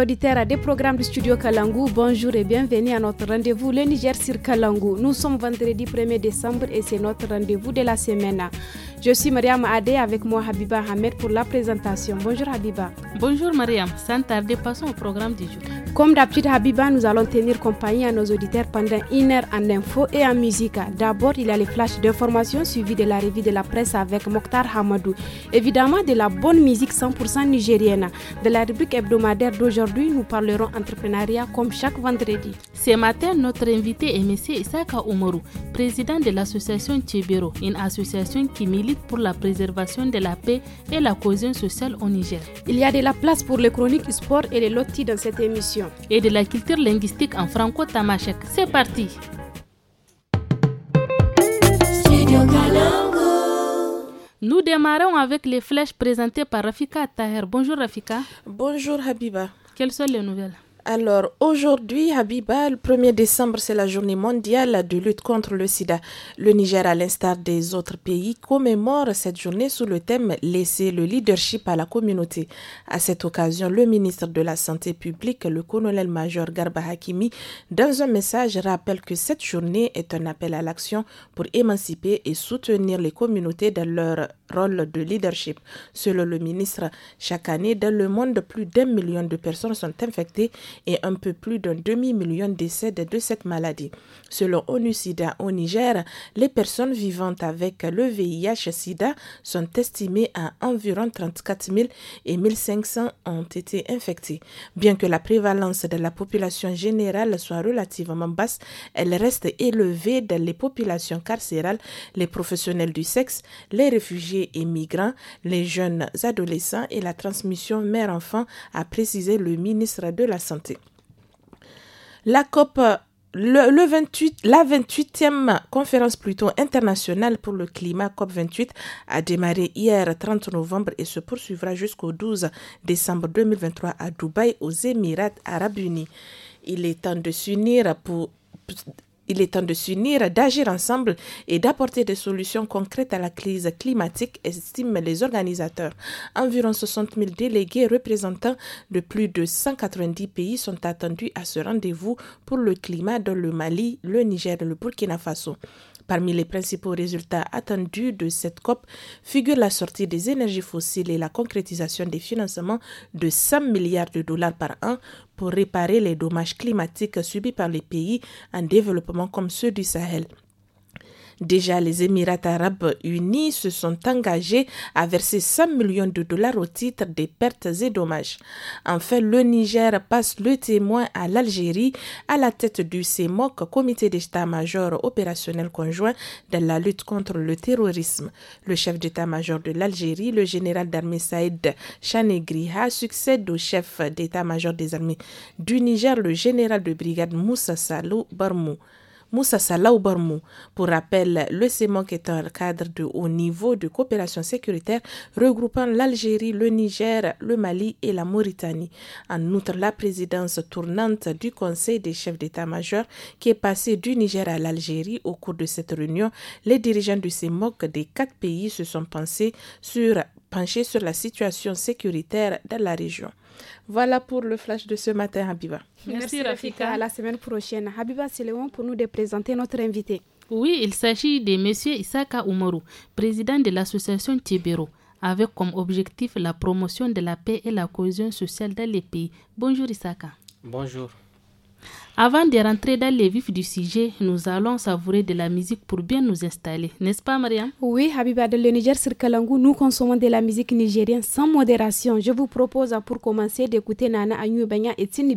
auditeurs des programmes du studio Kalangu, bonjour et bienvenue à notre rendez-vous Le Niger sur Kalangou. Nous sommes vendredi 1er décembre et c'est notre rendez-vous de la semaine. Je suis Mariam Adé avec moi Habiba Hamed pour la présentation. Bonjour Habiba. Bonjour Mariam. Sans tarder, passons au programme du jour. Comme d'habitude, Habiba, nous allons tenir compagnie à nos auditeurs pendant une heure en info et en musique. D'abord, il y a les flashs d'informations suivis de la revue de la presse avec Mokhtar Hamadou. Évidemment, de la bonne musique 100% nigérienne. De la rubrique hebdomadaire d'aujourd'hui, nous parlerons entrepreneuriat comme chaque vendredi. Ce matin, notre invité est M. Isaka Umoru, président de l'association TIBERO, une association qui milite pour la préservation de la paix et la cohésion sociale au Niger. Il y a de la place pour les chroniques sport et les lotis dans cette émission et de la culture linguistique en franco-tamashek. C'est parti nous démarrons avec les flèches présentées par Rafika Taher. Bonjour Rafika. Bonjour Habiba. Quelles sont les nouvelles alors aujourd'hui, Habiba, le 1er décembre, c'est la journée mondiale de lutte contre le sida. Le Niger, à l'instar des autres pays, commémore cette journée sous le thème Laisser le leadership à la communauté. À cette occasion, le ministre de la Santé publique, le colonel-major Garba Hakimi, dans un message rappelle que cette journée est un appel à l'action pour émanciper et soutenir les communautés dans leur rôle de leadership. Selon le ministre, chaque année, dans le monde, plus d'un million de personnes sont infectées et un peu plus d'un demi-million décèdent de cette maladie. Selon ONU-SIDA au Niger, les personnes vivant avec le VIH-SIDA sont estimées à environ 34 000 et 1 500 ont été infectées. Bien que la prévalence de la population générale soit relativement basse, elle reste élevée dans les populations carcérales, les professionnels du sexe, les réfugiés et migrants, les jeunes adolescents et la transmission mère-enfant, a précisé le ministre de la Santé. La COP 28, la 28e conférence plutôt internationale pour le climat COP28 a démarré hier 30 novembre et se poursuivra jusqu'au 12 décembre 2023 à Dubaï aux Émirats arabes unis. Il est temps de s'unir pour il est temps de s'unir, d'agir ensemble et d'apporter des solutions concrètes à la crise climatique, estiment les organisateurs. Environ 60 000 délégués représentant de plus de 190 pays sont attendus à ce rendez-vous pour le climat dans le Mali, le Niger et le Burkina Faso. Parmi les principaux résultats attendus de cette COP figurent la sortie des énergies fossiles et la concrétisation des financements de 100 milliards de dollars par an pour réparer les dommages climatiques subis par les pays en développement comme ceux du Sahel. Déjà, les Émirats arabes unis se sont engagés à verser 100 millions de dollars au titre des pertes et dommages. Enfin, le Niger passe le témoin à l'Algérie à la tête du CEMOC, Comité d'état-major opérationnel conjoint dans la lutte contre le terrorisme. Le chef d'état-major de l'Algérie, le général d'armée Saïd Chanegriha, succède au chef d'état-major des armées du Niger, le général de brigade Moussa Salou Barmou. Moussa Pour rappel, le CEMOC est un cadre de haut niveau de coopération sécuritaire regroupant l'Algérie, le Niger, le Mali et la Mauritanie. En outre, la présidence tournante du Conseil des chefs d'état-major qui est passée du Niger à l'Algérie au cours de cette réunion, les dirigeants du CEMOC des quatre pays se sont penchés sur la situation sécuritaire dans la région. Voilà pour le flash de ce matin, Habiba. Merci, Rafika. À la semaine prochaine. Habiba moment pour nous de présenter notre invité. Oui, il s'agit de M. Isaka Umoru, président de l'association Tibero, avec comme objectif la promotion de la paix et la cohésion sociale dans les pays. Bonjour Isaka. Bonjour. Avant de rentrer dans les vifs du sujet, nous allons savourer de la musique pour bien nous installer, n'est-ce pas Maria Oui, Habiba, le Niger sur Kalangu, nous consommons de la musique nigérienne sans modération. Je vous propose pour commencer d'écouter Nana Anyubanya et Tini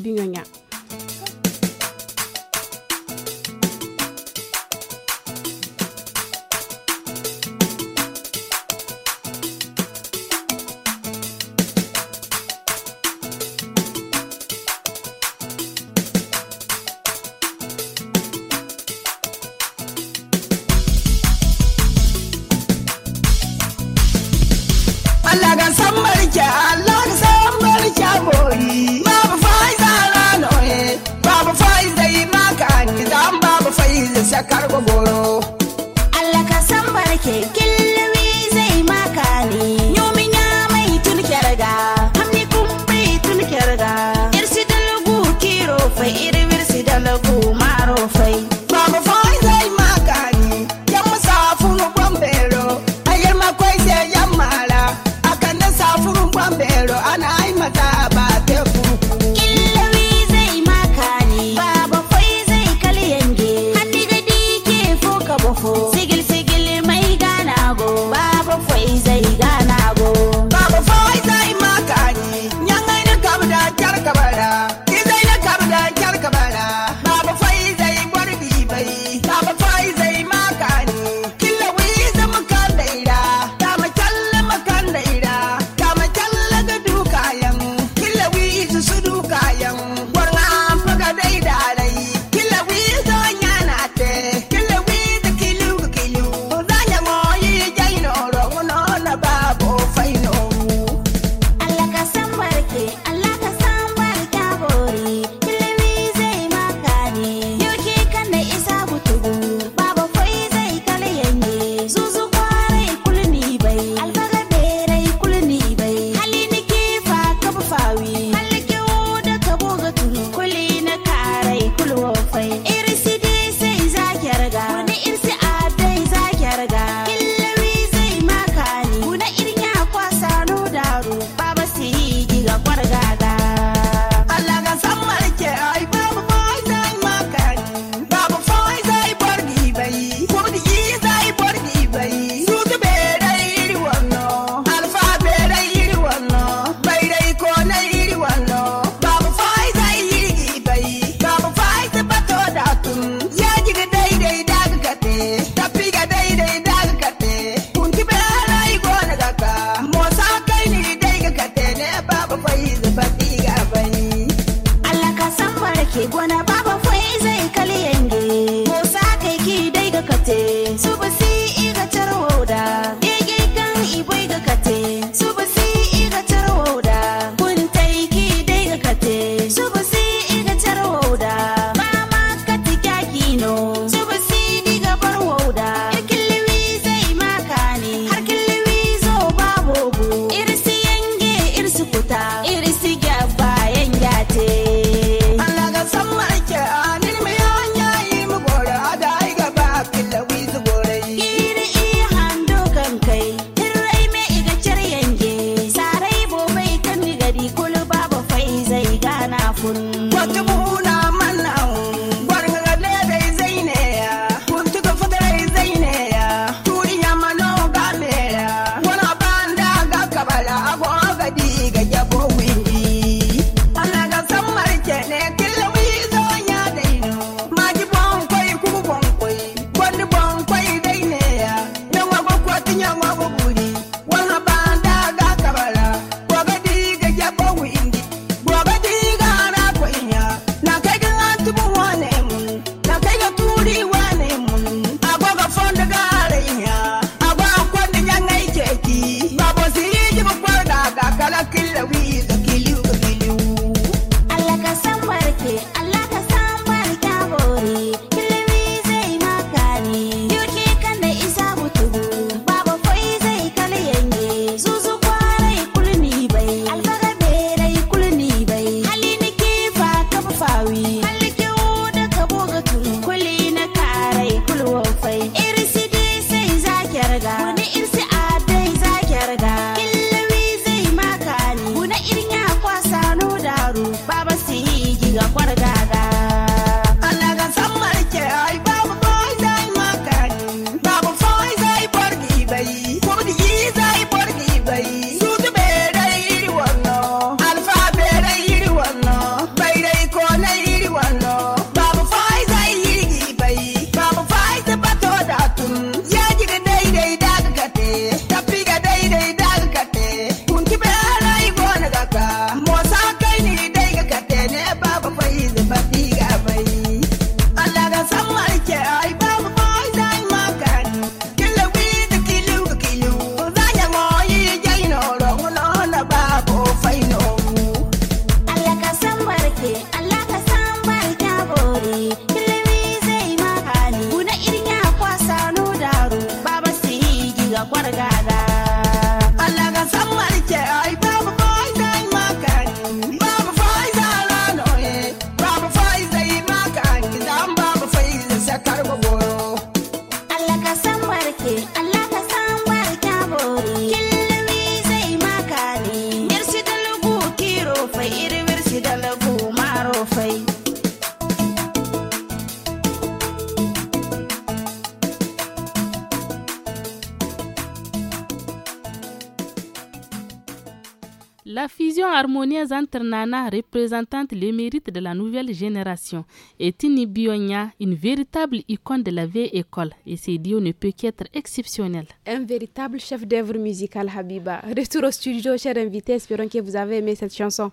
présente Nana, représentante les mérites de la nouvelle génération, et Tini Bionia, une véritable icône de la vieille école, et ses dios ne peut qu'être exceptionnel. Un véritable chef d'œuvre musical, Habiba. Retour au studio, cher invité, espérons que vous avez aimé cette chanson.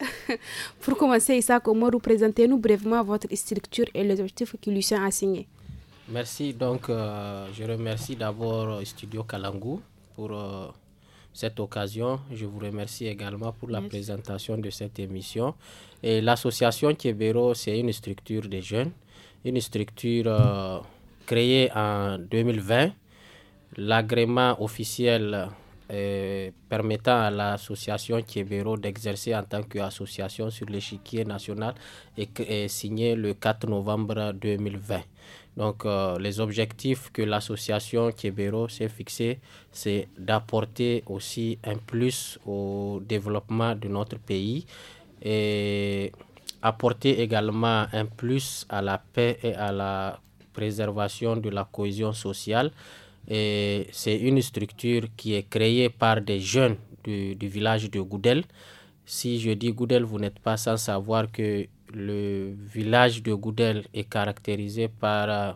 Pour commencer, Isaac, vous présentez-nous brièvement votre structure et les objectifs qui lui sont assignés. Merci, donc euh, je remercie d'abord euh, Studio Kalangu pour... Euh, cette occasion. Je vous remercie également pour la présentation de cette émission. Et l'association Kébéro, c'est une structure des jeunes, une structure euh, créée en 2020. L'agrément officiel euh, permettant à l'association Kébéro d'exercer en tant qu'association sur l'échiquier national est signé le 4 novembre 2020. Donc, euh, les objectifs que l'association Kébéro s'est fixé, c'est d'apporter aussi un plus au développement de notre pays et apporter également un plus à la paix et à la préservation de la cohésion sociale. Et c'est une structure qui est créée par des jeunes du, du village de Goudel. Si je dis Goudel, vous n'êtes pas sans savoir que le village de Goudel est caractérisé par euh,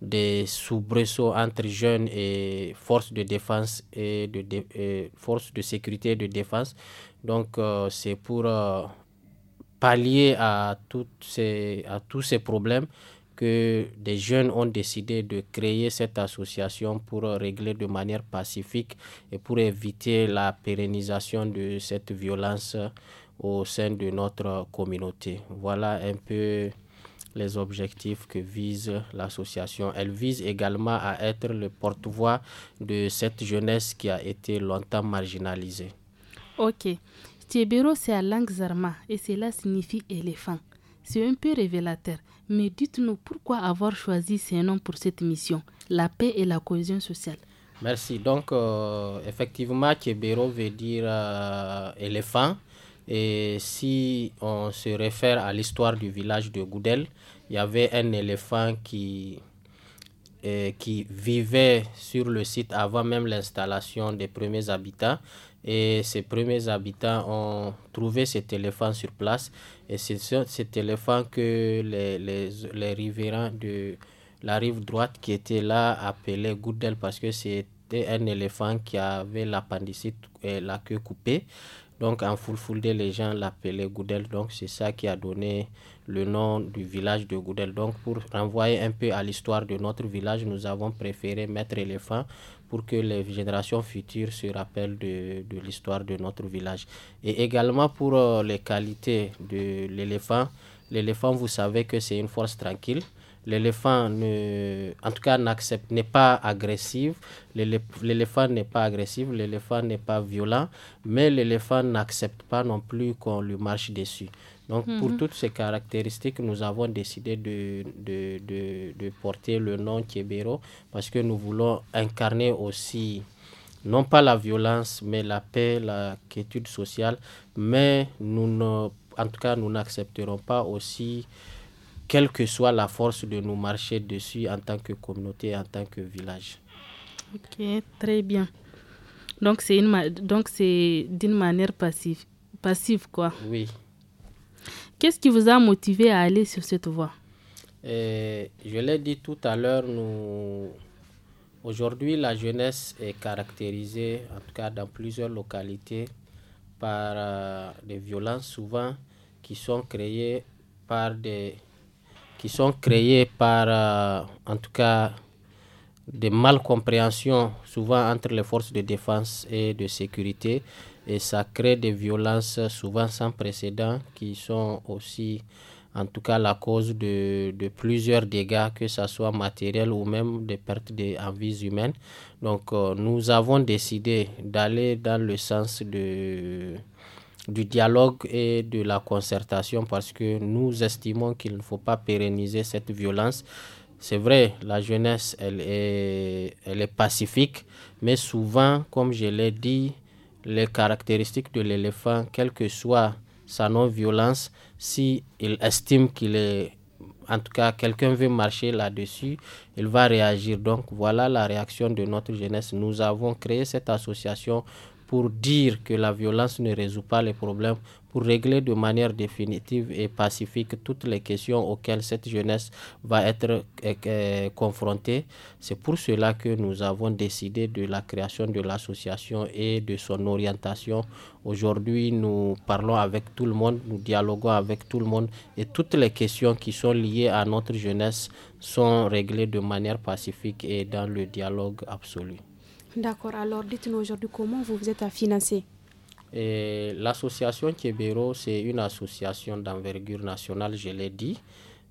des soubresauts entre jeunes et forces de défense et de forces de sécurité et de défense. Donc euh, c'est pour euh, pallier à, toutes à tous ces problèmes que des jeunes ont décidé de créer cette association pour régler de manière pacifique et pour éviter la pérennisation de cette violence au sein de notre communauté. Voilà un peu les objectifs que vise l'association. Elle vise également à être le porte-voix de cette jeunesse qui a été longtemps marginalisée. Ok. Tiebero, c'est à langue zarma et cela signifie éléphant. C'est un peu révélateur, mais dites-nous pourquoi avoir choisi ce nom pour cette mission, la paix et la cohésion sociale. Merci. Donc, euh, effectivement, Tiebero veut dire euh, éléphant. Et si on se réfère à l'histoire du village de Goudel, il y avait un éléphant euh, qui, vivait sur le site avant même l'installation des premiers habitants. Et ces premiers habitants ont trouvé cet éléphant sur place. Et c'est cet éléphant que les, les, les riverains de la rive droite qui étaient là appelaient Goudel parce que c'était un éléphant qui avait l'appendicite et la queue coupée. Donc en Fulfulde, les gens l'appelaient Goudel. Donc c'est ça qui a donné le nom du village de Goudel. Donc pour renvoyer un peu à l'histoire de notre village, nous avons préféré mettre éléphant pour que les générations futures se rappellent de, l'histoire de notre village. Et également pour euh, les qualités de l'éléphant. L'éléphant, vous savez que c'est une force tranquille. L'éléphant, ne, en tout cas, n'accepte, n'est pas agressif. L'éléphant n'est pas agressif, l'éléphant n'est pas violent, mais l'éléphant n'accepte pas non plus qu'on lui marche dessus. Donc, pour mhm. toutes ces caractéristiques, nous avons décidé de, de, de, porter le nom Kébéro parce que nous voulons incarner aussi non pas la violence, mais la paix, la quiétude sociale. Mais nous ne, en tout cas, nous n'accepterons pas aussi quelle que soit la force de nous marcher dessus en tant que communauté, en tant que village. Ok, très bien. Donc c'est une donc c'est d'une manière passive, passive quoi. Oui. Qu'est-ce qui vous a motivé à aller sur cette voie euh, Je l'ai dit tout à l'heure, nous aujourd'hui la jeunesse est caractérisée, en tout cas dans plusieurs localités, par euh, des violences souvent qui sont créées par des qui sont créés par, euh, en tout cas, des malcompréhensions souvent entre les forces de défense et de sécurité. Et ça crée des violences souvent sans précédent qui sont aussi, en tout cas, la cause de, plusieurs dégâts, que ce soit matériel ou même des pertes de, en vies humaines. Donc, euh, nous avons décidé d'aller dans le sens de du dialogue et de la concertation parce que nous estimons qu'il ne faut pas pérenniser cette violence. C'est vrai, la jeunesse, elle est, est pacifique, mais souvent, comme je l'ai dit, les caractéristiques de l'éléphant, quelle que soit sa non-violence, si il estime qu'il est, en tout cas, quelqu'un veut marcher là-dessus, il va réagir. Donc voilà la réaction de notre jeunesse. Nous avons créé cette association pour dire que la violence ne résout pas les problèmes, pour régler de manière définitive et pacifique toutes les questions auxquelles cette jeunesse va être euh, euh, confrontée. C'est pour cela que nous avons décidé de la création de l'association et de son orientation. Aujourd'hui, nous parlons avec tout le monde, nous dialoguons avec tout le monde et toutes les questions qui sont liées à notre jeunesse sont réglées de manière pacifique et dans le dialogue absolu. D'accord. Alors, dites-nous aujourd'hui comment vous vous êtes à financer. L'association Kébéro, c'est une association d'envergure nationale, je l'ai dit,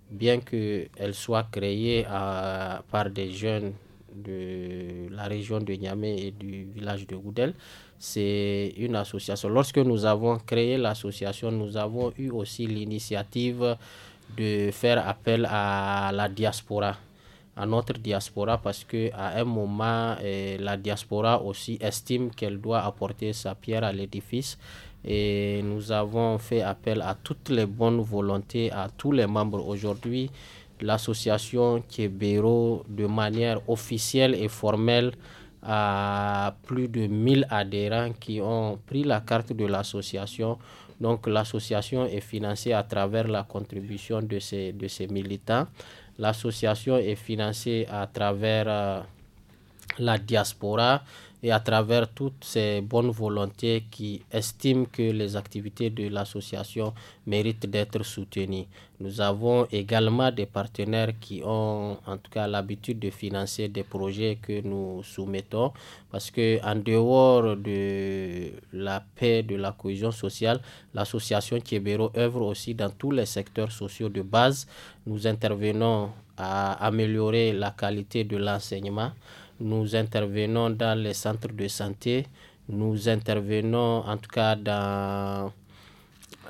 bien qu'elle soit créée par des jeunes de la région de Niamey et du village de Goudel. C'est une association. Lorsque nous avons créé l'association, nous avons eu aussi l'initiative de faire appel à la diaspora à notre diaspora parce que à un moment eh, la diaspora aussi estime qu'elle doit apporter sa pierre à l'édifice et nous avons fait appel à toutes les bonnes volontés à tous les membres aujourd'hui l'association Kébéro de manière officielle et formelle à plus de 1000 adhérents qui ont pris la carte de l'association. Donc l'association est financée à travers la contribution de ces, de ces militants. L'association est financée à travers euh, la diaspora et à travers toutes ces bonnes volontés qui estiment que les activités de l'association méritent d'être soutenues. Nous avons également des partenaires qui ont en tout cas l'habitude de financer des projets que nous soumettons parce que en dehors de la paix, de la cohésion sociale, l'association Thiebéro œuvre aussi dans tous les secteurs sociaux de base. Nous intervenons à améliorer la qualité de l'enseignement nous intervenons dans les centres de santé, nous intervenons en tout cas dans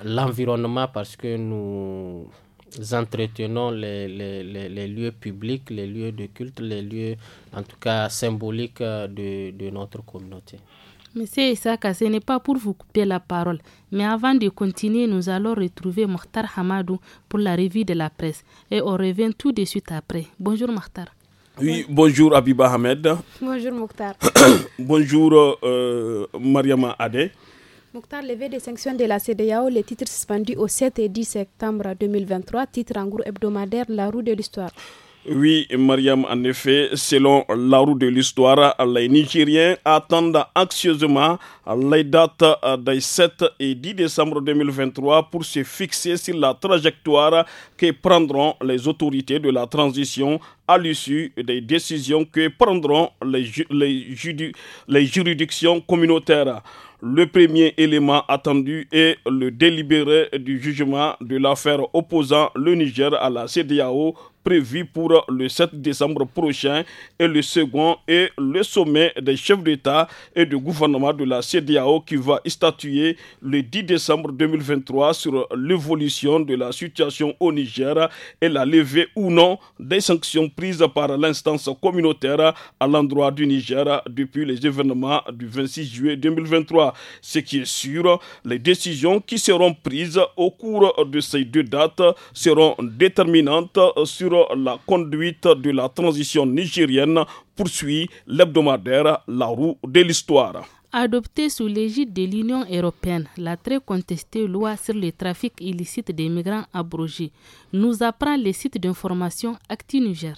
l'environnement parce que nous entretenons les, lieux publics, les lieux de culte, les lieux en tout cas symboliques euh, de, de notre communauté. Monsieur Isaka, ce n'est pas pour vous couper la parole, mais avant de continuer, nous allons retrouver Mokhtar Hamadou pour la revue de la presse et on revient tout de suite après. Bonjour Mokhtar. Oui, bonjour Abiba Ahmed. Bonjour Mokhtar. bonjour euh, Mariama Adé. Mokhtar, levé des sanctions de la CDAO, les titres suspendus au 7 et 10 septembre 2023, titre en gros hebdomadaire La roue de l'histoire. Oui, Mariam, en effet, selon la roue de l'histoire, les Nigériens attendent anxieusement les dates des 7 et 10 décembre 2023 pour se fixer sur la trajectoire que prendront les autorités de la transition à l'issue des décisions que prendront les, juridictions communautaires. Le premier élément attendu est le délibéré du jugement de l'affaire opposant le Niger à la CDAO prévu pour le 7 décembre prochain et le second est le sommet des chefs d'État et de gouvernement de la CDAO qui va statuer le 10 décembre 2023 sur l'évolution de la situation au Niger et la levée ou non des sanctions prises par l'instance communautaire à l'endroit du Niger depuis les événements du 26 juillet 2023. Ce qui est sûr, les décisions qui seront prises au cours de ces deux dates seront déterminantes sur la conduite de la transition nigérienne poursuit l'hebdomadaire La roue de l'histoire. Adoptée sous l'égide de l'Union européenne, la très contestée loi sur le trafic illicite des migrants abrogée nous apprend les sites d'information Acti Niger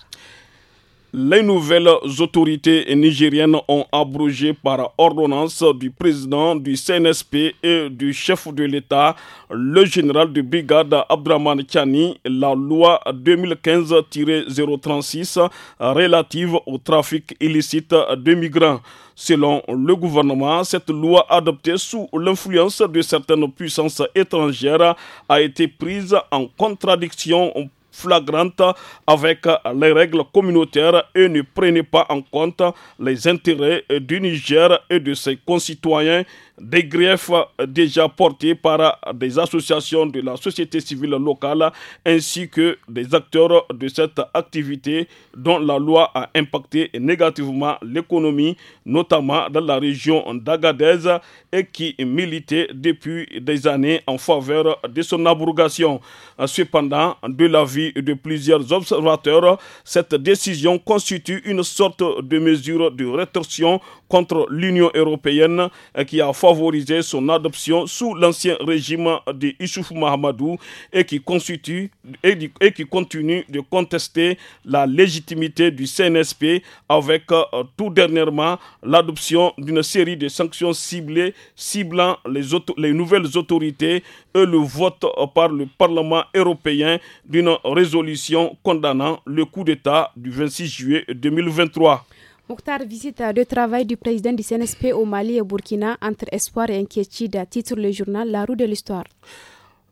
les nouvelles autorités nigériennes ont abrogé par ordonnance du président du CNSP et du chef de l'État, le général de brigade Abdraman Chani, la loi 2015-036 relative au trafic illicite de migrants. Selon le gouvernement, cette loi adoptée sous l'influence de certaines puissances étrangères a été prise en contradiction flagrante avec les règles communautaires et ne prenez pas en compte les intérêts du Niger et de ses concitoyens des griefs déjà portés par des associations de la société civile locale ainsi que des acteurs de cette activité dont la loi a impacté négativement l'économie, notamment dans la région d'Agadez et qui militait depuis des années en faveur de son abrogation. Cependant, de l'avis de plusieurs observateurs, cette décision constitue une sorte de mesure de rétorsion contre l'Union européenne qui a son adoption sous l'ancien régime de Issouf Mahamadou et qui, constitue, et, qui continue de contester la légitimité du CNSP avec euh, tout dernièrement l'adoption d'une série de sanctions ciblées ciblant les, les nouvelles autorités et le vote par le Parlement européen d'une résolution condamnant le coup d'État du 26 juillet 2023. Mokhtar visite de travail du président du CNSP au Mali et au Burkina entre espoir et inquiétude, titre le journal La roue de l'histoire.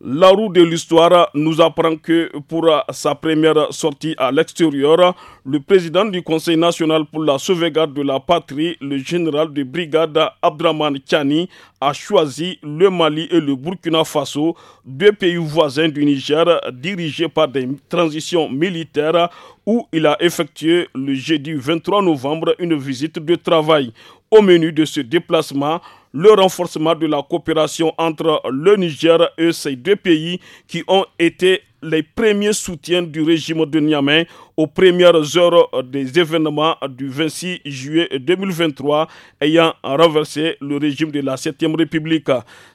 La roue de l'histoire nous apprend que pour sa première sortie à l'extérieur, le président du Conseil national pour la sauvegarde de la patrie, le général de brigade Abdraman Chani, a choisi le Mali et le Burkina Faso, deux pays voisins du Niger dirigés par des transitions militaires où il a effectué le jeudi 23 novembre une visite de travail. Au menu de ce déplacement, le renforcement de la coopération entre le Niger et ces deux pays qui ont été les premiers soutiens du régime de Niamey aux premières heures des événements du 26 juillet 2023 ayant renversé le régime de la 7e République.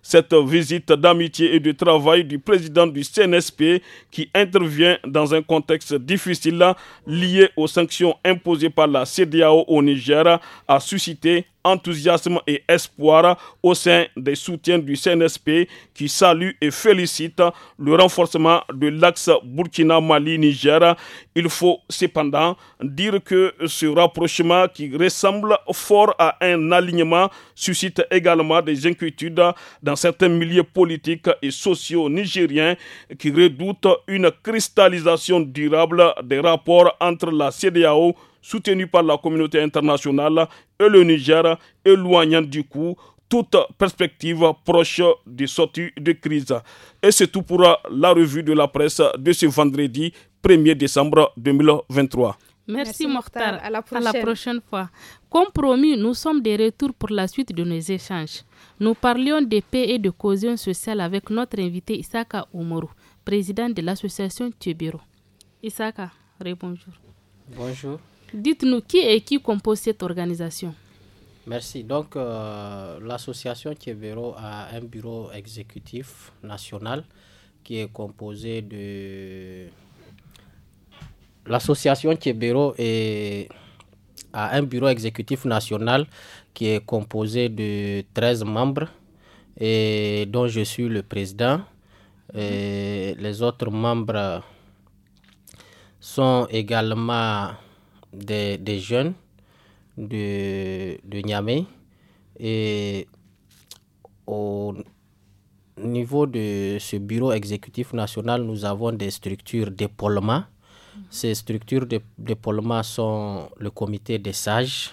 Cette visite d'amitié et de travail du président du CNSP qui intervient dans un contexte difficile lié aux sanctions imposées par la CDAO au Niger a suscité enthousiasme et espoir au sein des soutiens du CNSP qui salue et félicite le renforcement de l'axe Burkina-Mali-Niger. Il faut cependant dire que ce rapprochement qui ressemble fort à un alignement suscite également des inquiétudes dans certains milieux politiques et sociaux nigériens qui redoutent une cristallisation durable des rapports entre la CDAO soutenue par la communauté internationale et le Niger, éloignant du coup toute perspective proche de sortie de crise. Et c'est tout pour la revue de la presse de ce vendredi 1er décembre 2023. Merci, Merci À la, prochaine. fois. Comme promis, nous sommes de retour pour la suite de nos échanges. Nous parlions de paix et de cohésion sociale avec notre invité Isaka Oumourou, président de l'association Tubiro. Isaka, rebonjour. Bonjour. Dites-nous qui est qui compose cette organisation Merci. Donc, euh, l'association Tievero a un bureau exécutif national qui est composé de. L'association a un bureau exécutif national qui est composé de 13 membres et dont je suis le président. les autres membres sont également des, des jeunes de, de Niamey. Et au niveau de ce bureau exécutif national, nous avons des structures d'épaulement. Ces structures d'épaulement sont le comité des sages.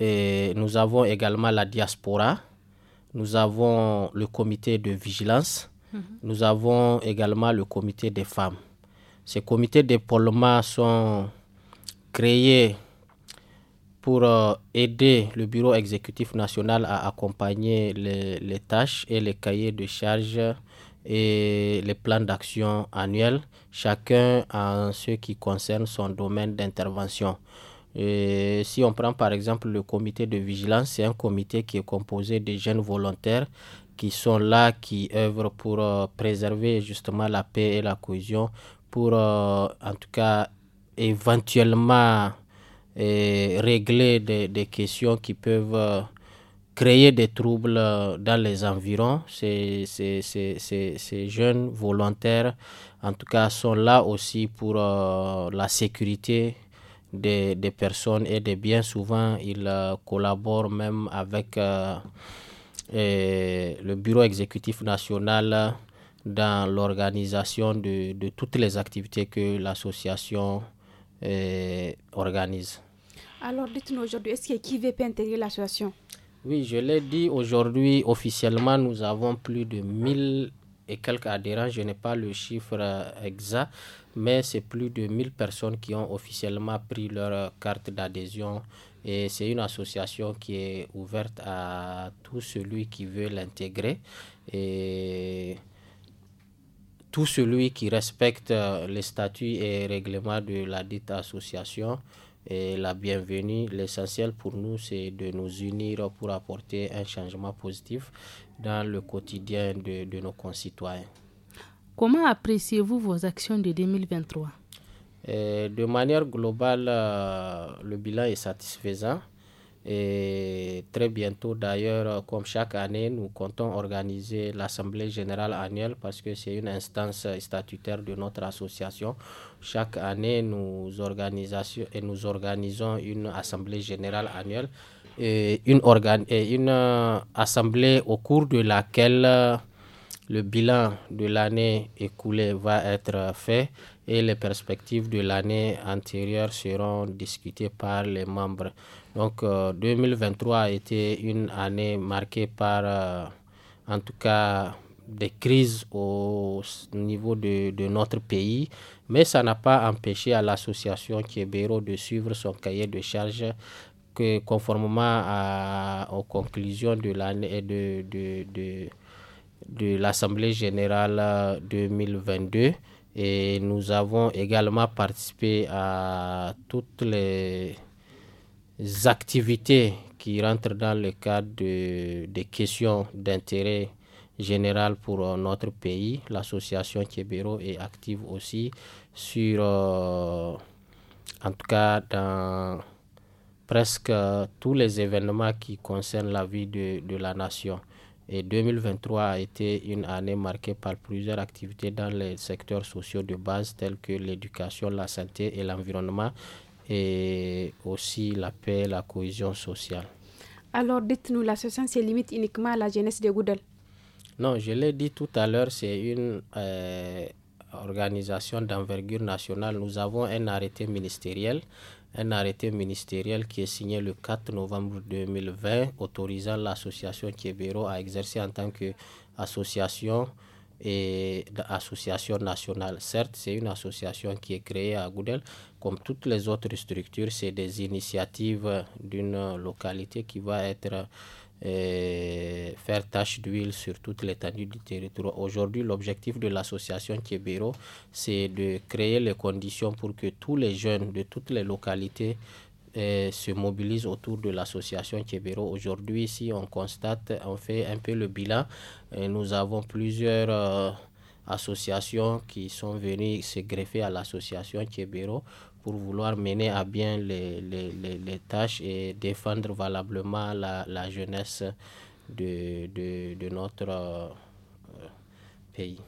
Et nous avons également la diaspora. Nous avons le comité de vigilance. Mhm. Nous avons également le comité des femmes. Ces comités d'épaulement sont créés pour euh, aider le Bureau exécutif national à accompagner les, tâches et les cahiers de charges et les plans d'action annuels, chacun en ce qui concerne son domaine d'intervention. si on prend par exemple le comité de vigilance, c'est un comité qui est composé de jeunes volontaires qui sont là, qui œuvrent pour euh, préserver justement la paix et la cohésion, pour euh, en tout cas éventuellement et régler des, questions qui peuvent euh, créer des troubles euh, dans les environs. Ces, jeunes volontaires, en tout cas, sont là aussi pour euh, la sécurité des, personnes et des biens. Souvent, ils collaborent même avec le Bureau exécutif national dans l'organisation de, toutes les activités que l'association organise. Alors dites-nous aujourd'hui, est-ce que veut intégrer l'association Oui, je l'ai dit, aujourd'hui officiellement nous avons plus de 1000 et quelques adhérents, je n'ai pas le chiffre euh, exact, mais c'est plus de 1000 personnes qui ont officiellement pris leur carte d'adhésion et c'est une association qui est ouverte à tout celui qui veut l'intégrer et tout celui qui respecte euh, les statuts et règlements de la dite association et la bienvenue. L'essentiel pour nous, c'est de nous unir pour apporter un changement positif dans le quotidien de, nos concitoyens. Comment appréciez-vous vos actions de 2023 euh, De manière globale, euh, le bilan est satisfaisant. Et très bientôt, d'ailleurs, comme chaque année, nous comptons organiser l'Assemblée générale annuelle parce que c'est une instance statutaire de notre association. Chaque année, nous, et nous organisons une Assemblée générale annuelle et une, et une euh, assemblée au cours de laquelle euh, le bilan de l'année écoulée va être fait et les perspectives de l'année antérieure seront discutées par les membres. Donc 2023 euh, a été une année marquée par, euh, en tout cas, des crises au niveau de, notre pays, mais ça n'a pas empêché à l'association Kébéro de suivre son cahier de charges que conformément aux conclusions de l'année de, de l'Assemblée générale 2022. Euh, et nous avons également participé à toutes les activités qui rentrent dans le cadre des questions d'intérêt général pour euh, notre pays. L'association Thiebero est active aussi sur, euh, en tout cas, dans presque euh, tous les événements qui concernent la vie de la nation. Et 2023 a été une année marquée par plusieurs activités dans les secteurs sociaux de base tels que l'éducation, la santé et l'environnement et aussi la paix et la cohésion sociale. Alors dites-nous, l'association se limite uniquement à la jeunesse de Goudel Non, je l'ai dit tout à l'heure, c'est une euh, organisation d'envergure nationale. Nous avons un arrêté ministériel un arrêté ministériel qui est signé le 4 novembre 2020 autorisant l'association Kiebero à exercer en tant qu'association et association nationale. Certes, c'est une association qui est créée à Goudel. Comme toutes les autres structures, c'est des initiatives d'une localité qui va être et faire tâche d'huile sur toute l'étendue du territoire. Aujourd'hui, l'objectif de l'association Kébéro, c'est de créer les conditions pour que tous les jeunes de toutes les localités eh, se mobilisent autour de l'association Kébéro. Aujourd'hui, si on constate, on fait un peu le bilan, eh, nous avons plusieurs euh, associations qui sont venues se greffer à l'association Kébéro pour vouloir mener à bien les, tâches et défendre valablement la, jeunesse de, notre euh, pays.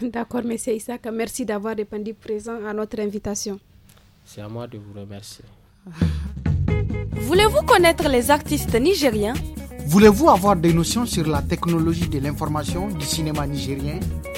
D'accord, M. Isaac, merci d'avoir répondu présent à notre invitation. C'est à moi de vous remercier. Voulez-vous connaître les artistes nigériens Voulez-vous avoir des notions sur la technologie de l'information du cinéma nigérien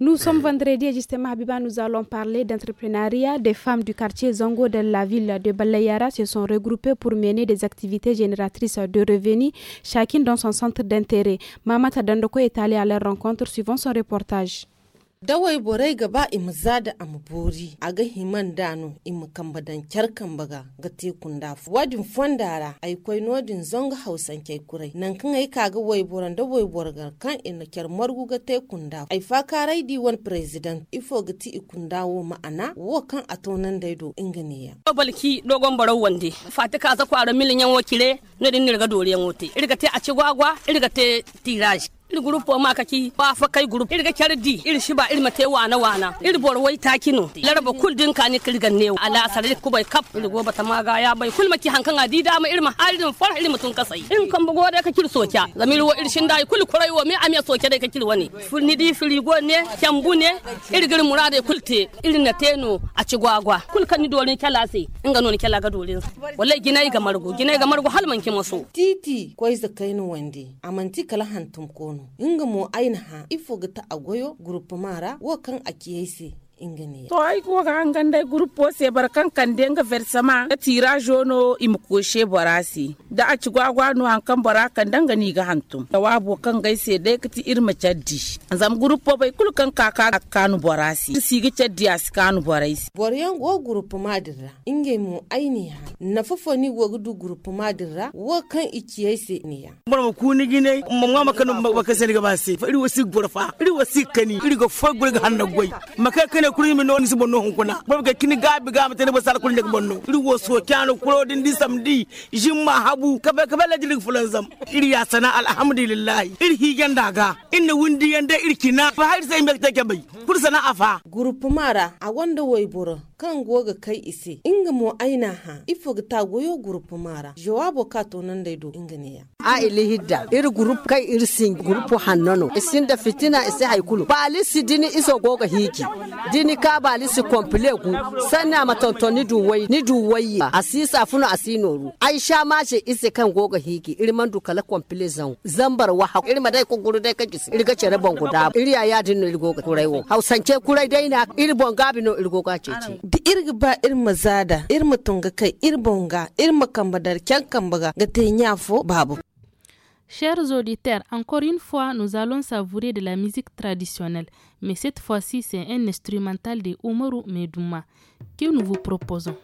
Nous sommes vendredi et justement, Habiba, nous allons parler d'entrepreneuriat. Des femmes du quartier Zongo de la ville de Balayara se sont regroupées pour mener des activités génératrices de revenus, chacune dans son centre d'intérêt. Mamata Dandoko est allée à leur rencontre suivant son reportage. dawai borai gaba imza da amubori a ga himan dano imu kamba dan kyar kambaga ga tekun dafu wadin fondara aikwai nodin zonga hausan kai kurai nan kan ai kaga wai boran da wai borgar kan ina kyar margu ga tekun dafu ai fa karai di wan president ifo ga ti ikun dawo ma'ana wo kan atonan daido inganiya balki dogon barau wande fati ka za kwara miliyan wakire nodin nirga doriyan wote irga te a ci gwagwa irga te tiraj iri gurup ma kaki ba fa kai gurup irga kyardi iri ba iri mate wana wana iri borwai takino laraba kul din ne kirgan ne ala sare ku bai kap iri goba ta maga ya bai kul maki hankan adi da dama iri mahalin far iri mutun kasai in kan bugo da ka kir soka zamir wa iri shin dai kul kurai wa me amiya soke da ka kir wani ful ni di go ne kyambu ne iri gir murade kulte iri na teno a ci gwagwa kul kan ni dorin sai in ga non kyala ga dorin wallahi ginai ga margo ginai ga margo halman ki maso titi koi zakainu wandi amanti kala hantum kono hinga mo aina ha ifo ta agoyo grupo mara wakan akiyese ingeniya. to ai ko ga hangan dai group po se barkan kan de nga versama tira jono im ko she borasi da a ci gwagwa no hankan barakan danga ni ga hantum da wabo kan gai se dai kati irma chaddi zam group po bai kul kan kaka kanu borasi si ga chaddi as kanu borais boryan go group madira inge mu ainiha na fofo ni go du group madira wo kan ikiye se ni ya mun ku ni gine mamma makanu baka sani ga ba se iri wasi gurfa iri wasi kani iri ga fa gurga hannan goyi. maka kuri mi noni si bonno hunkuna bo ke kini gabi ga mi tene bo kuri ne bonno iri wo so kyano kuro din di samdi jimma habu kabe kabe la jilik fulan zam iri ya sana alhamdulillah iri higen daga inna wundi yanda irkina fa har sai mbek take bai kur sana afa grupu mara a wanda woy boro kan goga kai ise inga mo aina ha ta goyo gurupu mara jawabo ka to nan dai do inga ne ya a ilihidda ir group kai ir sin gurupu hannano isin da fitina ise haikulu balisi dini iso goga hiki dini ka balisi komple gu sanna matontoni wai ni du wai asisa funo ru aisha ma ce ise kan goga hiki mandu kala komple zan zambar wa ha irma madai ko guru dai kake irga ce rabon guda iriya ya dinno irgo kurai wo hausance kurai dai na irbon gabino irgo ka ce Chers auditeurs, encore une fois, nous allons savourer de la musique traditionnelle, mais cette fois-ci, c'est un instrumental de Umaru Meduma que nous vous proposons.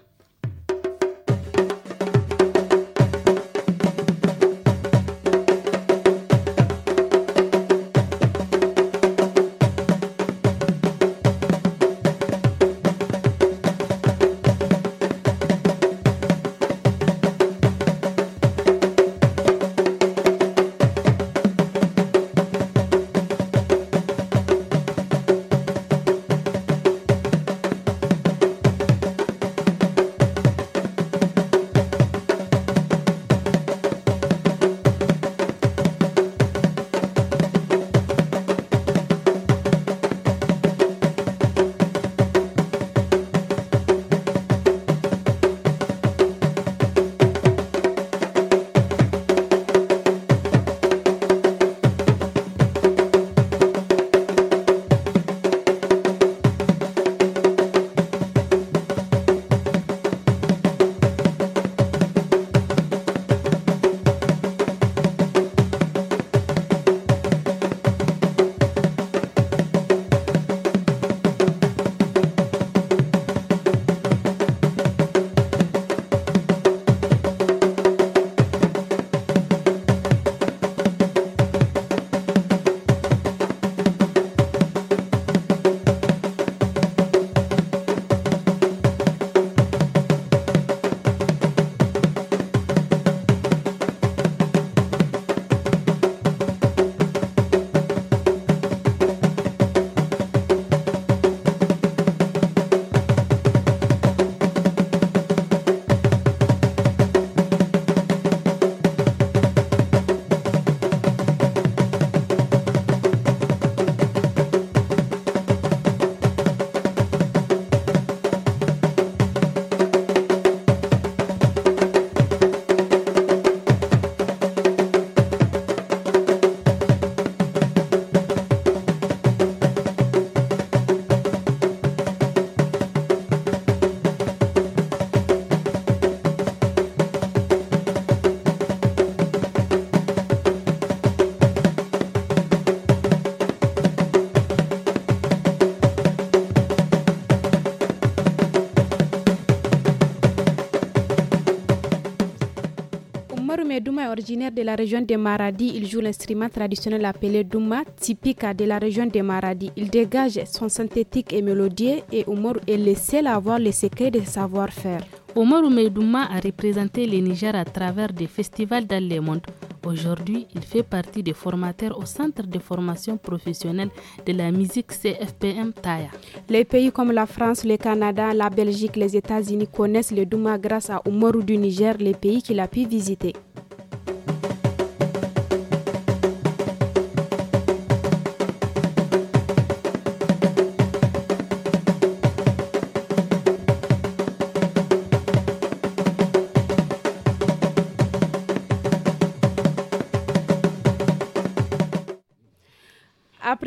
de la région de Maradi, il joue l'instrument traditionnel appelé Douma, typique de la région des Maradi. Il dégage son synthétique et mélodieux et Omar est le seul à avoir le secret de savoir-faire. Omar douma a représenté le Niger à travers des festivals dans le monde. Aujourd'hui, il fait partie des formateurs au Centre de formation professionnelle de la musique CFPM Taya. Les pays comme la France, le Canada, la Belgique, les États-Unis connaissent le Douma grâce à Oumarou du Niger, les pays qu'il a pu visiter.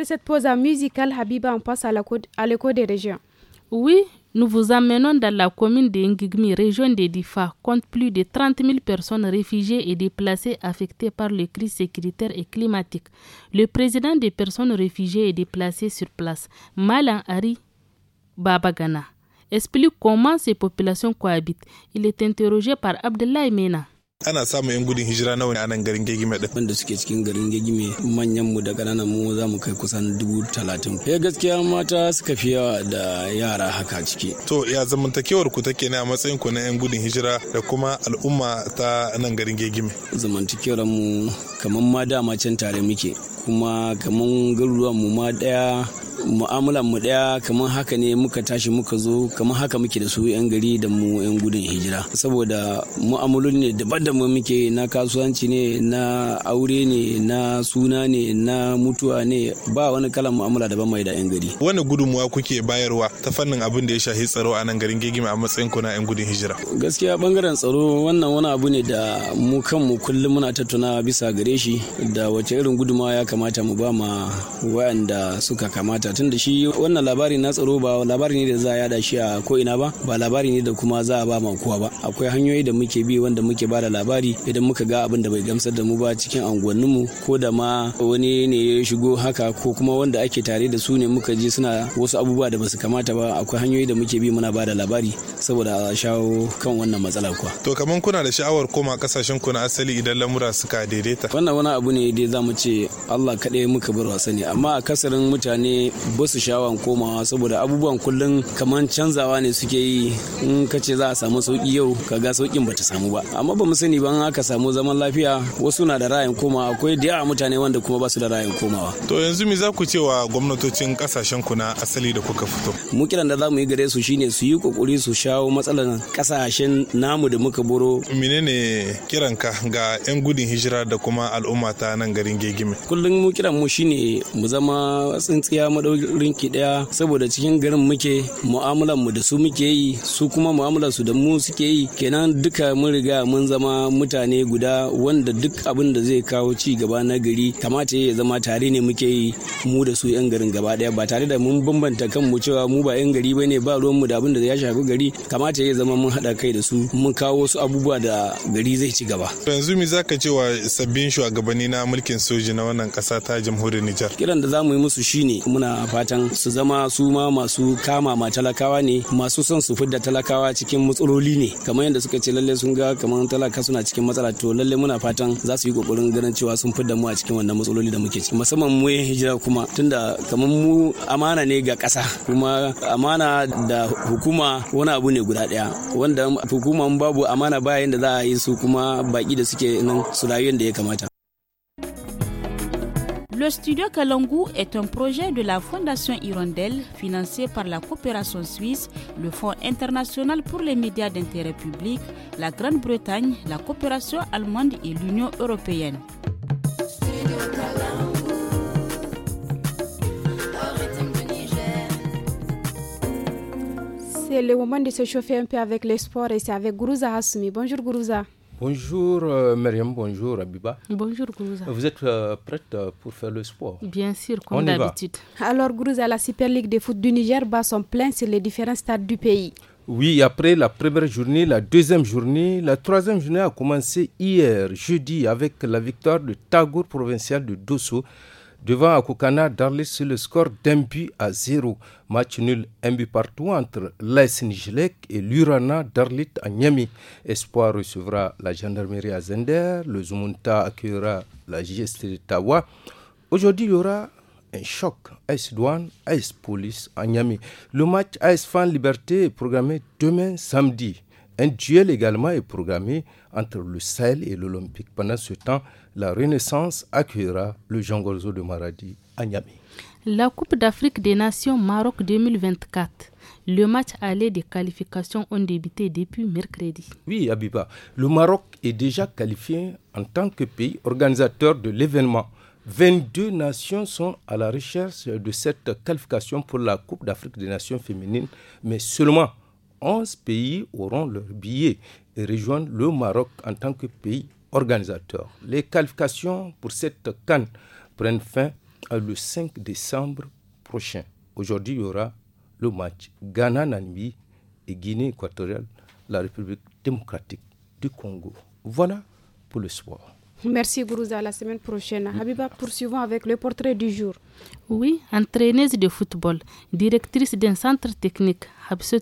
cette pause musicale, Habiba, on passe à l'écho des régions. Oui, nous vous emmenons dans la commune de Ngigmi, région de Difa, compte plus de 30 000 personnes réfugiées et déplacées affectées par les crises sécuritaires et climatiques. Le président des personnes réfugiées et déplacées sur place, Malan Ari Babagana, explique comment ces populations cohabitent. Il est interrogé par Abdellah Mena. ana samun yan gudun hijira nawa ne a nan garin gegime din wanda suke cikin garin gegime manyan mu da kananan mu za mu kai kusan dubu talatin eh gaskiya mata suka fi yawa da yara haka ciki to ya zamantakewar ku take ne a matsayin ku na yan gudun hijira da kuma al'umma ta nan garin gegime zamantakewar mu kamar ma dama can tare muke kuma kamar garuruwan mu ma daya mu'amalan mu daya kamar haka ne muka tashi muka zo kamar haka muke da su yan gari da mu yan gudun hijira saboda mu'amulun ne daban da mu muke na kasuwanci ne na aure ne na suna ne na mutuwa ne ba wani kalan mu'amala daban mai da yan gari wani gudunmuwa kuke bayarwa ta fannin abin da ya shafi tsaro a nan garin gegime a matsayin ku na yan gudun hijira gaskiya bangaren tsaro wannan wani abu ne da mu kanmu kullum muna tattuna bisa gare saurare shi da wace irin guduma ya kamata mu ba ma wayanda suka kamata tun da shi wannan labari na tsaro ba labari ne da za a yada shi a ina ba ba labari ne da kuma za a ba ma kowa ba akwai hanyoyi da muke bi wanda muke ba da labari idan muka ga abin da bai gamsar da mu ba cikin mu ko da ma wani ne ya shigo haka ko kuma wanda ake tare da su ne muka ji suna wasu abubuwa da basu kamata ba akwai hanyoyi da muke bi muna ba da labari saboda a shawo kan wannan matsala kuwa to kaman kuna da sha'awar koma kasashen ku na asali idan lamura suka daidaita wannan wani abu ne da za mu ce allah kaɗai muka bar wasa ne amma a kasarin mutane ba su shawan komawa saboda abubuwan kullum kamar canzawa ne suke yi in ka ce za a samu sauki yau ka ga saukin bata samu ba amma ba mu sani ba aka samu zaman lafiya wasu na da ra'ayin komawa akwai da yawa mutane wanda kuma ba su da ra'ayin komawa to yanzu me za ku ce gwamnatocin kasashen ku na asali da kuka fito mu kiran da za mu yi gare su shine su yi kokari su shawo matsalar kasashen namu da muka boro menene kiranka ga yan gudun hijira da kuma al'umma ta nan garin gegime kullum mu kiran mu shine mu zama tsintsiya madaurin ki daya saboda cikin garin muke mu'amalar mu da su muke yi su kuma mu'amalan su da mu suke yi kenan duka mun riga mun zama mutane guda wanda duk abin da zai kawo ci gaba na gari kamata ya zama tare ne muke yi mu da su yan garin gaba daya ba tare da mun bambanta kan mu cewa mu ba yan gari bane ba ruwan mu da abin da ya shafi gari kamata ya zama mun hada kai da su mun kawo su abubuwa da gari zai ci gaba yanzu mi zaka cewa sabbin shu shugabanni na mulkin soji na wannan kasa ta jamhuriyar Nijar. Kiran da zamu yi musu shine muna fatan su zama su ma masu kama ma talakawa ne masu son su fidda talakawa cikin matsaloli ne kamar yadda suka ce lalle sun ga kamar talaka suna cikin matsala to lalle muna fatan za su yi kokarin ganin cewa sun fidda mu a cikin wannan matsaloli da muke ciki musamman mu hijira kuma tunda kamar mu amana ne ga kasa kuma amana da hukuma wani abu ne guda daya wanda hukuma babu amana bayan da za a yi su kuma baki da suke nan su rayuwar da ya kamata Le studio Kalangu est un projet de la Fondation Hirondelle financé par la coopération suisse, le Fonds international pour les médias d'intérêt public, la Grande-Bretagne, la coopération allemande et l'Union européenne. C'est le moment de se chauffer un peu avec les sports et c'est avec Gourouza Hassoumi. Bonjour Gourouza. Bonjour euh, bonjour Abiba. Bonjour Gourouza. Vous êtes euh, prête euh, pour faire le sport Bien sûr, comme d'habitude. Alors Gourouza, la Super League de foot du Niger bat son plein sur les différents stades du pays. Oui, après la première journée, la deuxième journée, la troisième journée a commencé hier, jeudi, avec la victoire de Tagour provincial de Dosso Devant Akukana, Darlit sur le score d'un but à zéro. Match nul, un but partout entre l'AS Nijlek et l'Urana Darlit à Niamey. Espoir recevra la gendarmerie à Zender, le Zumunta accueillera la JST de Tawa. Aujourd'hui, il y aura un choc. AS Douane, AS Police à Niamey. Le match AS Fan Liberté est programmé demain samedi. Un duel également est programmé entre le Sahel et l'Olympique. Pendant ce temps, la Renaissance accueillera le Jean-Gorzo de Maradi à La Coupe d'Afrique des Nations Maroc 2024. Le match aller des qualifications ont débuté depuis mercredi. Oui, Abiba. Le Maroc est déjà qualifié en tant que pays organisateur de l'événement. 22 nations sont à la recherche de cette qualification pour la Coupe d'Afrique des Nations féminines, mais seulement 11 pays auront leur billet et rejoignent le Maroc en tant que pays Organisateur. Les qualifications pour cette canne prennent fin euh, le 5 décembre prochain. Aujourd'hui, il y aura le match Ghana-Namibie et Guinée équatoriale, la République démocratique du Congo. Voilà pour le soir. Merci Gourouza, à la semaine prochaine. Habiba, poursuivons avec le portrait du jour. Oui, entraîneuse de football, directrice d'un centre technique,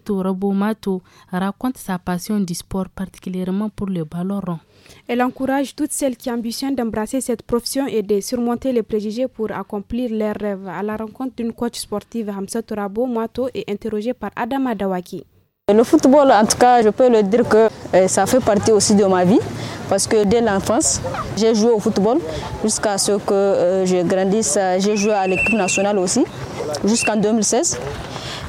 Rabo Mato raconte sa passion du sport, particulièrement pour le ballon rond. Elle encourage toutes celles qui ambitionnent d'embrasser cette profession et de surmonter les préjugés pour accomplir leurs rêves. À la rencontre d'une coach sportive, Rabo Mato est interrogée par Adama Dawaki. Le football, en tout cas, je peux le dire que euh, ça fait partie aussi de ma vie parce que dès l'enfance, j'ai joué au football jusqu'à ce que euh, je grandisse. J'ai joué à l'équipe nationale aussi jusqu'en 2016.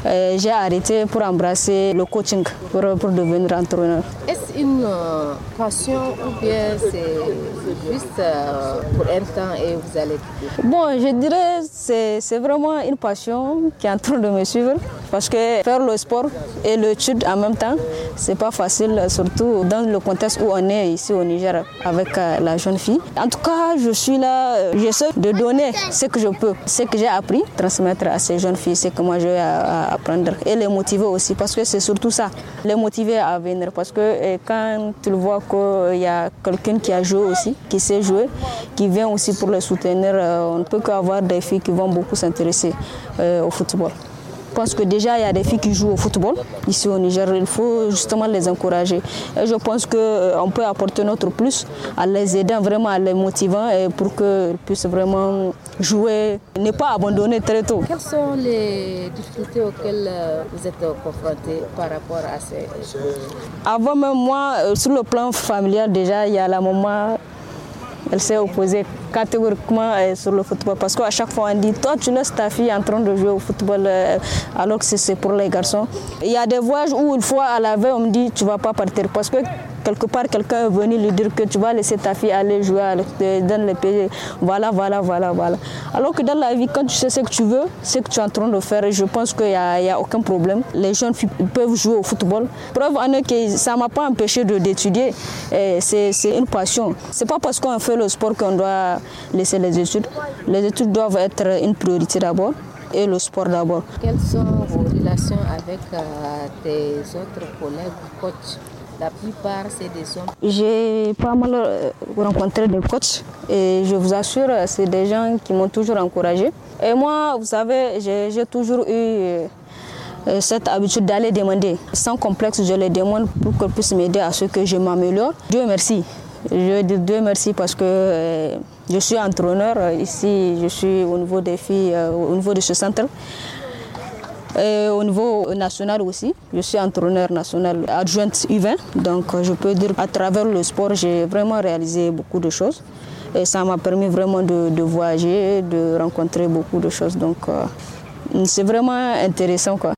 Euh, j'ai arrêté pour embrasser le coaching, pour, devenir entrepreneur. Est-ce une euh, passion ou bien c'est juste euh, pour un temps et vous allez Bon, je dirais que c'est vraiment une passion qui est en train de me suivre. Parce que faire le sport et l'étude en même temps, c'est pas facile, surtout dans le contexte où on est ici au Niger avec euh, la jeune fille. En tout cas, je suis là, euh, j'essaie de donner ce que je peux, ce que j'ai appris, transmettre à ces jeunes filles, ce que moi je à apprendre et les motiver aussi, parce que c'est surtout ça, les motiver à venir. Parce que euh, quand tu vois qu'il y a quelqu'un qui a joué aussi, qui sait jouer, qui vient aussi pour les soutenir, on ne peut qu'avoir des filles qui vont beaucoup s'intéresser au football. Parce que déjà, il y a des filles qui jouent au football ici au Niger. Il faut justement les encourager. Et je pense qu'on euh, peut apporter notre plus en les aidant vraiment, en les motivant et pour qu'elles puissent vraiment jouer, ne pas abandonner très tôt. Quelles sont les difficultés auxquelles euh, vous êtes confrontés par rapport à ces... Euh, Avant même moi, sur le plan familial déjà, il y a la maman elle s'est opposée catégoriquement euh, sur le football. Parce qu'à chaque fois, on dit Toi, tu laisses ta fille en train de jouer au football euh, alors que c'est pour les garçons. Il y a des voyages où, une fois à la veille, on me dit Tu ne vas pas partir. Parce que quelque part, quelqu'un est venu lui dire que tu vas laisser ta fille aller jouer dans le pays. Voilà, voilà, voilà, voilà. Alors que dans la vie, quand tu sais ce que tu veux, ce que tu es en train de faire, je pense qu'il n'y a, aucun problème. Les jeunes peuvent jouer au football. Preuve en est que ça ne m'a pas empêché d'étudier. C'est une passion. Ce n'est pas parce qu'on fait le sport qu'on doit laisser les études. Les études doivent être une priorité d'abord et le sport d'abord. Quelles sont vos relations avec euh, tes autres collègues coachs la plupart, c'est des hommes. J'ai pas mal euh, rencontré des coachs et je vous assure, c'est des gens qui m'ont toujours encouragé. Et moi, vous savez, j'ai toujours eu euh, euh, cette habitude d'aller demander. Sans complexe, je les demande pour qu'ils puissent m'aider à ce que je m'améliore. Dieu merci. Je dis Dieu merci parce que je suis entraîneur ici, je suis au niveau des filles, au niveau de ce centre. Et au niveau national aussi, je suis entraîneur national adjointe U20. Donc euh, je peux dire à travers le sport, j'ai vraiment réalisé beaucoup de choses. Et ça m'a permis vraiment de, voyager, de rencontrer beaucoup de choses. Donc euh, c'est vraiment intéressant. Quoi.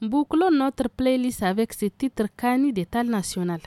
Bouclons notre playlist avec ce titre Cani d'état national.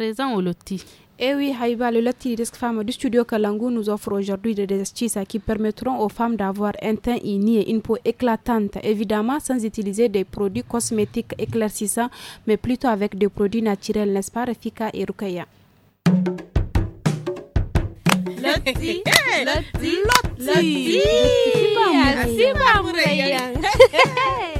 présent au loti. Et eh oui, Haïba, le loti des femmes du studio Kalangu nous offre aujourd'hui des astuces qui permettront aux femmes d'avoir un teint uni et une peau éclatante, évidemment sans utiliser des produits cosmétiques éclaircissants, mais plutôt avec des produits naturels, n'est-ce pas, Fika et Rukaya?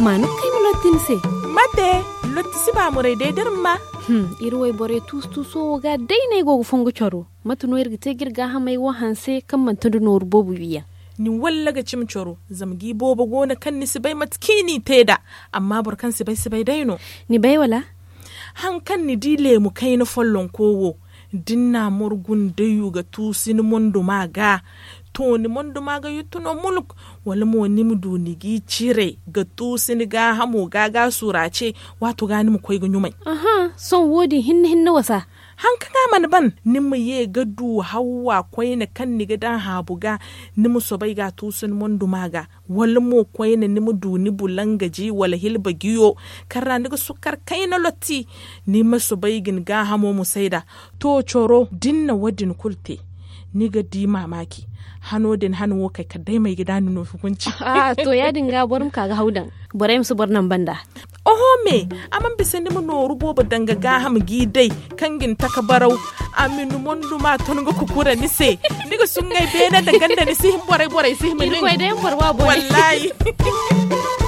Manu kai mu lotin se. Mate, lotti si ba mu re de der ma. Hmm, way bore tus tuso ga dai ne go fongo choro. Matu no irga te girga ha mai wa hanse kan man tundu no rubobu wiya. Ni walla ga cim choro, gona kan ni sibai matkini teda, amma burkan sibai sibai dai no. Ni bai wala? Hankan ni dile mu kai na follon kowo. Dinna murgun dayu ga tusin mundu maga. toni mondu maga yutuno muluk wala mo nimu duni gi ga tusini ga hamo ga ga surace wato ga nimu koi ga nyumai aha son wodi hinna hinna wasa hanka ga man ban nimu ye ga du hawa koi na kan ni ga dan habu ga nimu so bai ga tusin mondu maga wala mo koi na nimu duni bulangaji wala hilba giyo karra ni ga sukar kai na lotti ni maso bai gin ga hamo musaida to coro dinna wadin kulte ni ga di mamaki hano din hano wo kai dai mai gida nuna hukunci ah to ya dinga mu kaga haudan boraim su bornan banda oho me amma bisa ni mu rubo boba danga ga ham gidai kangin takabarau amin mondu ma ton go kukura ni se diga sungai bena danganda ni sihin borai borai sihin min ni ko dai borwa borai wallahi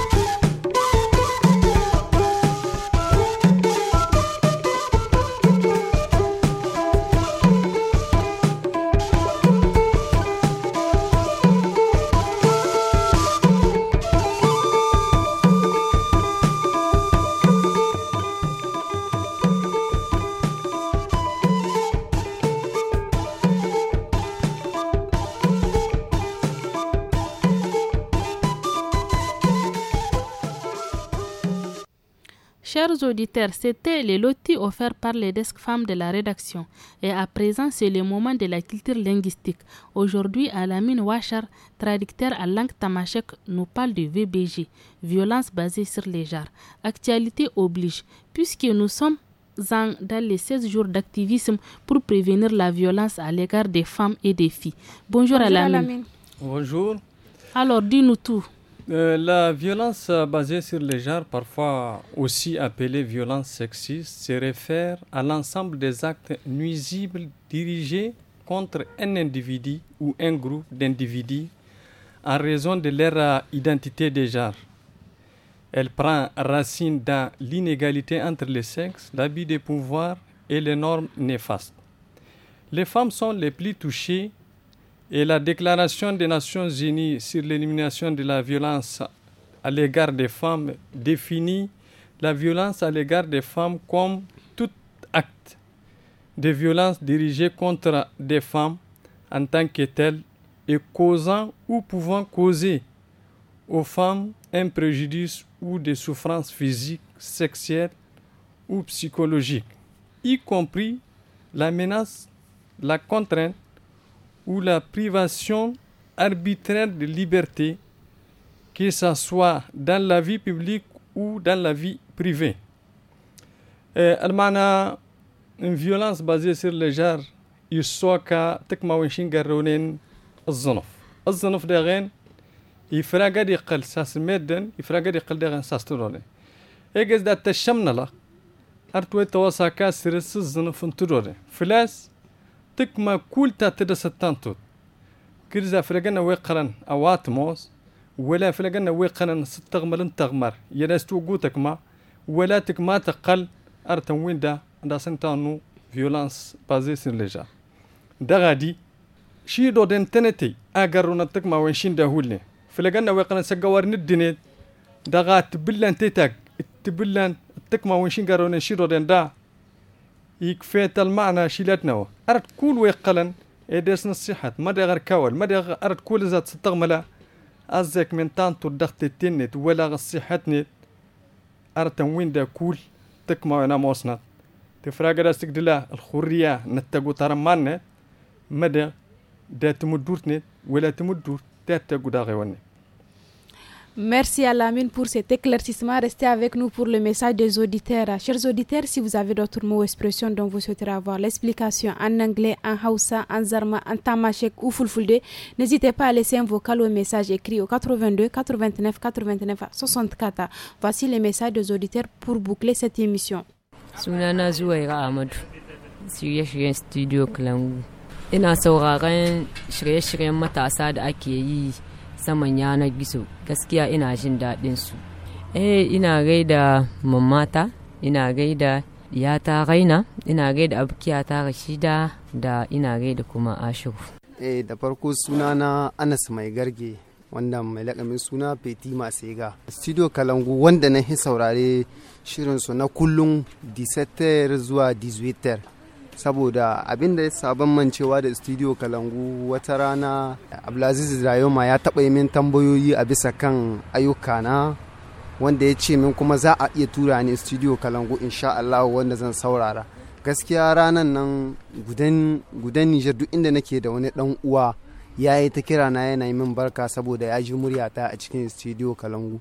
Chers auditeurs, c'était les lotis offerts par les desks femmes de la rédaction. Et à présent, c'est le moment de la culture linguistique. Aujourd'hui, Alamine Wachar, traducteur à langue tamashek, nous parle de VBG, violence basée sur les genres. Actualité oblige, puisque nous sommes dans les 16 jours d'activisme pour prévenir la violence à l'égard des femmes et des filles. Bonjour, à Alamine. Bonjour. Alors, dis-nous tout. Euh, la violence euh, basée sur le genre, parfois aussi appelée violence sexiste, se réfère à l'ensemble des actes nuisibles dirigés contre un individu ou un groupe d'individus en raison de leur euh, identité de genre. Elle prend racine dans l'inégalité entre les sexes, l'abus de pouvoir et les normes néfastes. Les femmes sont les plus touchées et la Déclaration des Nations Unies sur l'élimination de la violence à l'égard des femmes définit la violence à l'égard des femmes comme tout acte de violence dirigé contre des femmes en tant que telles et causant ou pouvant causer aux femmes un préjudice ou des souffrances physiques, sexuelles ou psychologiques, y compris la menace, la contrainte, ou la privation arbitraire de liberté, que ce soit dans la vie publique ou dans la vie privée. Euh, Almana, une violence basée sur le genre, il soit tekma wenshin garonen de il sas il de sas dat violence تكما تا تدرس توت كرزا فلقنا ويقرن أواتموس ولا فلقنا ويقرن ستغمر انتغمر يلاستو ما ولا تكما تقل أرتن وين دا دا سنتانو فيولانس بازي سن لجا دا غادي شي دو دين تنتي تك تكما وينشين دا هولي فلقنا ويقرن سقوار ندينيت دا غات بلان تيتاك تبلان تكما وينشين قرونا شي دو دين دا يكفيت المعنى شيلاتنا أرد كل ويقلا إدرس نصيحة ما غير كول ما غير أرد كل زاد ستغملا أزيك من تانتو الضغط التنت ولا غصيحتني أرد وين دا كول تكما أنا موسنا تفراغ راستك دلا الخورية نتاقو ترمانا مدى دا تمدورتني ولا تمدور تاتاقو دا غيواني Merci à Lamine pour cet éclaircissement. Restez avec nous pour le message des auditeurs. Chers auditeurs, si vous avez d'autres mots ou expressions dont vous souhaitez avoir l'explication en anglais, en hausa, en zarma, en tamashek ou fulfulde, n'hésitez pas à laisser un vocal ou un message écrit au 82 89 89 64. Voici le message des auditeurs pour boucler cette émission. studio saman yanar gizo gaskiya ina jin daɗin su eh ina gaida mamata ina gaida ta raina ina gaida abokiyata rashida da ina gaida kuma ashiru eh da farko sunana anas mai garge wanda mai lakamin suna feti masega studio kalangu wanda na saurare shirinsu na kullum 17 zuwa 18 saboda abin da ya sabon mancewa da studio kalangu wata rana abdulaziz rayoma ya taɓa yi min tambayoyi a bisa kan ayyuka na wanda ya ce min kuma za a iya tura ni studio kalangu insha Allah wanda zan saurara gaskiya ranan nan gudan Nijar duk inda nake da wani dan uwa ya yi ta kira na yana min barka saboda ya ji muryata a cikin studio kalangu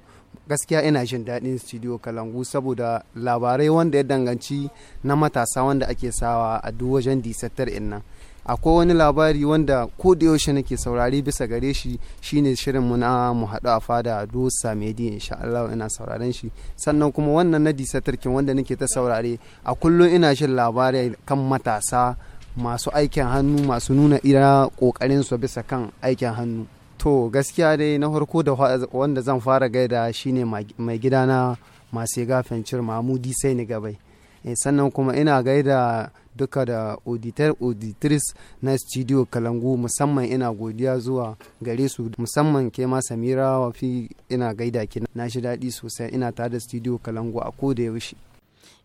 gaskiya ina jin daɗin studio kalangu saboda labarai wanda ya danganci na matasa wanda ake sawa a duk wajen disattar innan akwai wani labari wanda ko da yaushe nake saurari bisa gare shi shine shirin mu na mu haɗu a fada do samedi insha Allah ina sauraren shi sannan kuma wannan na disatarkin wanda nake ta saurare a kullum ina jin labarai kan matasa masu aikin hannu masu nuna ira kokarin su bisa kan aikin hannu to gaskiya dai na farko da wanda zan fara gaida shine mai gidana masu gafen cir mamudi sai ni gabai eh, sannan kuma ina gaida duka da auditor auditrice na studio kalangu musamman ina godiya zuwa gare su musamman ke ma samira wafi ina gaida ki na shi daɗi sosai ina tare da studio kalangu a koda yaushe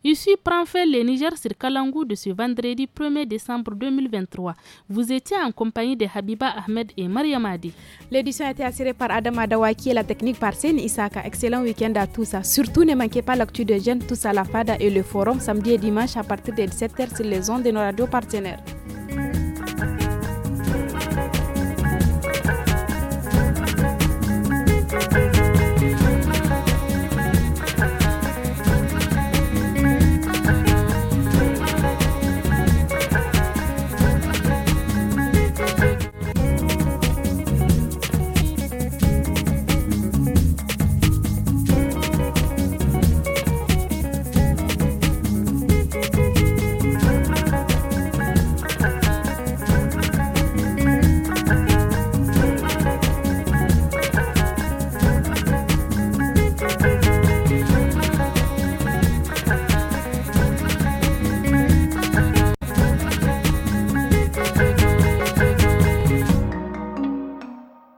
Ici prend fait le Niger sur Kalangou de ce vendredi 1er décembre 2023. Vous étiez en compagnie de Habiba Ahmed et Maria Madi. L'édition a été assurée par Adam Adawaki et la technique par Sen Isaka. Excellent week-end à tous. Surtout ne manquez pas l'actu de jeunes tous à la FADA et le forum samedi et dimanche à partir de 17h sur les ondes de nos radios partenaires.